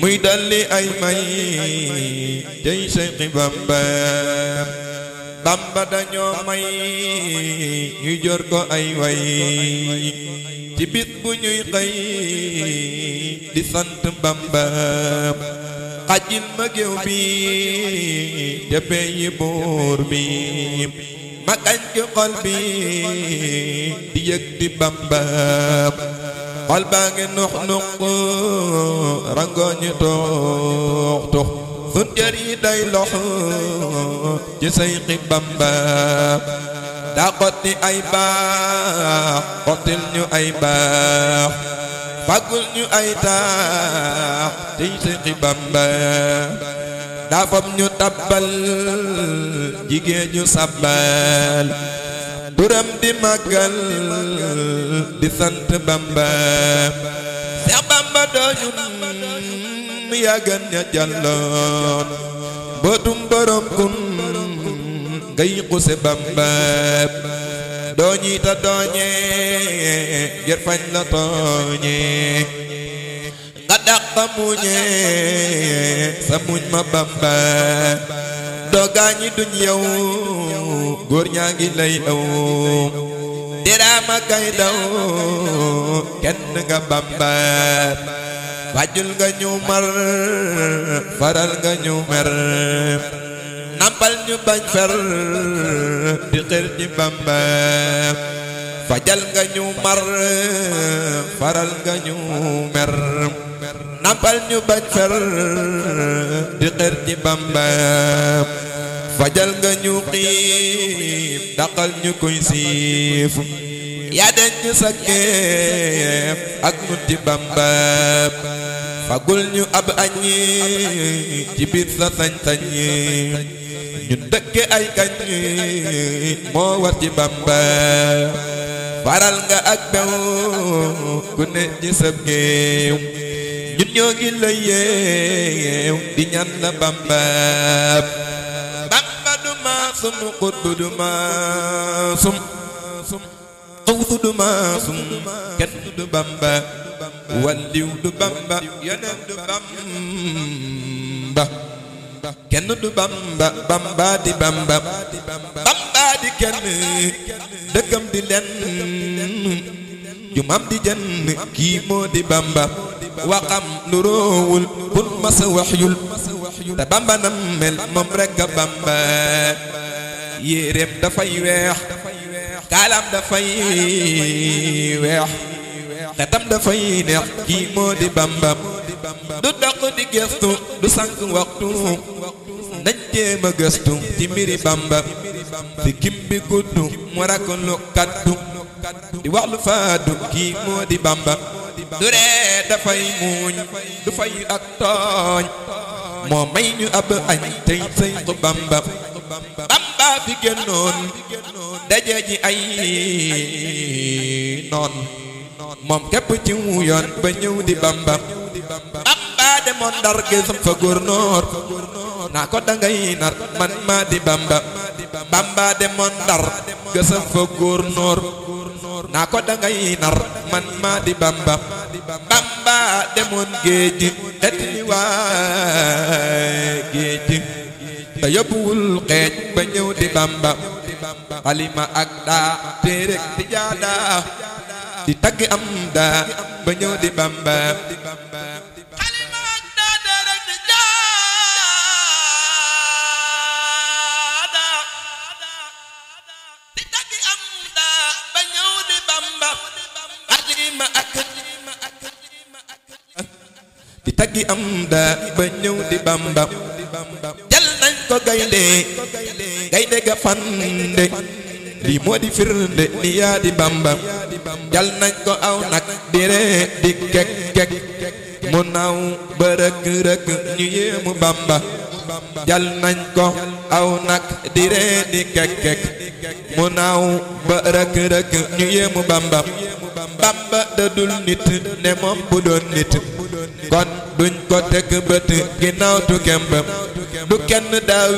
muy dalli ay may tey Seexi Bamba Bamba dañoo ñu jor ko ay way ci bis bu ñuy xëy di sant Bamba xajil ma géew bi te peyi buur bi ma kañ ci xol di yëg di Bamba xol baa ngi nux nux rango ñi tux tux sun jër yi day lox ci say xi bamba daa ay baax xottil ñu ay baax fàggul ñu ay taax ciy say xi bamba daa ñu tabbal jigéen ñu sabbal turam di màggal di san Bamba Seex Bamba doñun yaa gën ña jàlloon bootum borom kun ngay xuse Bamba dooñi ta dooñe jër fañ la tooñe nga dàq ta muñe sa muñ ma Bamba doo duñ yow góor ñaa ngi lay aw diraama kay kenn nga bamba fajul nga ñu faral nga ñu mer nampal ñu faral nga ñu mer nampal fer di xër ci fajal nga ñu xiif daqal ñu koy siif yaa denc sa keef ak munti bambab fagul ñu ab añi ci biir sa sañ-sañ ñu dëkke ay kañ moo war ci bambab faral nga ak bew ku ci sab géew ñun ñoo ngi la yeew di ñaan la bambab sum qutbu du maasum qawsu du maasum kenn du du bamba yeneen du bamba kenn du bamba bamba di bamba bamba di kenn dëkkam di lenn jumam di jenn kii moo di bamba waxam lu roowul kun masa waxyul te bamba nam mel moom bamba yéeréem dafay weex kaalaam dafay weex xetam dafay neex kii moo di bambam du doq di gëstu du sànq waxtu nañ jéem gëstu ci mbiri bamba fi kim bi gudd mu rakklu kaddu di wax lu faadu kii moo di bamba du ree dafay muuñ du fay ak tooñ moo may ñu ab añ tey sëñ ko Bamba fi génnoon daje ji ay noon moom képp ci wu yoon ba ñëw di Bamba Bamba demoon Ndar gisam fa góornoor naa ko dangay nar man maa di Bamba Bamba demoon demoon géej gi et géej te yóbbuwul xeej ba di bamba xalima ak daa téerek di jaada di tagg am daa ba di bamba di taggi am daa ba di bamba ko gaynde gaynde ga jal nañ ko aw nag di ree di kek kek mu naw ba rëkk rëkk ñu yéemu bamba jal nañ ko aw nag di ree di kek kek mu naaw ba bamba bamba nit ne moom bu doon nit kon duñ ko teg bët ginnaaw tu kemb du kenn daa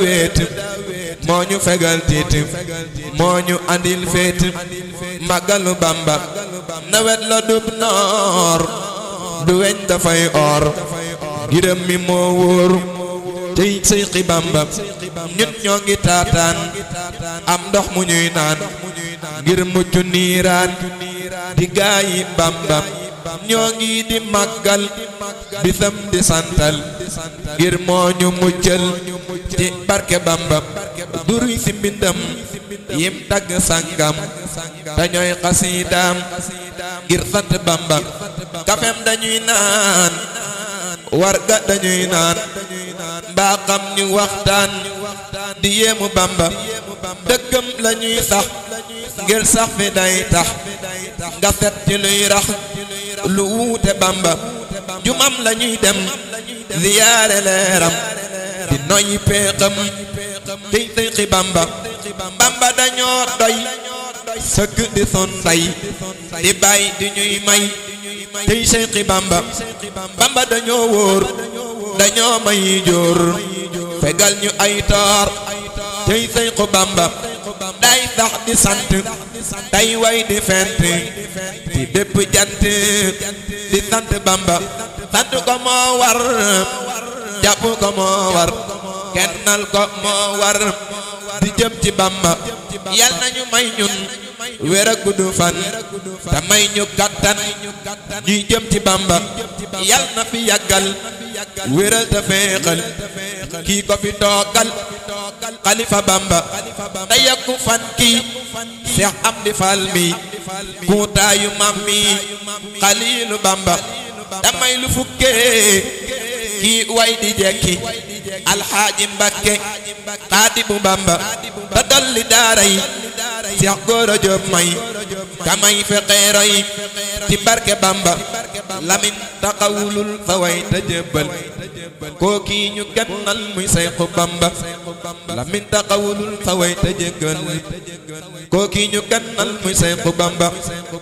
moo ñu fegal tiit moo ñu andil féet màggalu Bamba nawet la dub noor du weñ dafay or giram mi moo wóor tey Seyxi Bamba ñun ñoo ngi taataan am ndox mu ñuy naan ngir mucc niiraan di gaayi Bamba ñoo ngi di màggal bi dam di santal ngir moo ñu muccal ci barke bambam duruy si mbindam yim tagg sangam dañooy xasiidaam ngir sant bambam kafem dañuy naan warga dañuy naan mbaa ñu waxtaan di yéemu bamba dëkkam lañuy sax ngir sax fi day tax nga set ci luy rax lu wuute bamba jumam la ñuy dem ziyaare leeram di noy peexam di tëqi bamba bamba dañoo doy sëgg di son day di bay di ñuy may tey sëqi bamba bamba dañoo wóor dañoo may jóor fegal ñu ay toor tey sëqu bamba day sax di sant tey way di fent ci bépp jant di sant Bamba sant ko moo war jàpp ko moo war kennal ko moo war di jëm ci Bamba yal nañu may ñun wér ak gudd fan te may ñu kattan ñuy jëm ci Bamba yal na fi yàggal wéral te féexal kii ko fi toogal xalifa bamba te yokku fan kii seex am di fal mi kuutaayu mam mi xaliilu bamba damay lu fukkee kii way di jekki alxaaji mbakke xaadibu bamba te dolli daara yi seex góor may kamay fexeero yi ci barke bamba lamin taxawulul fa way te kooki ñu gannal muy Seexu Bamba lamin taxawulul taway te jéggal kooki ñu gannal muy Seexu Bamba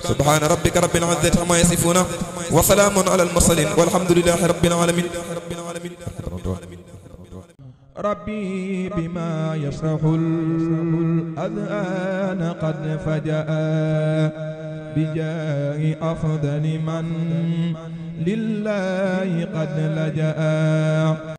subhaana rabbika rabbil izzati ammaa yasifuuna wa salaamun alal mursaliin walhamdulillaahi rabbil aalamiin ربي بما يشرح الأذهان قد فجأ bijaahi afdali man lillahi qad lajaa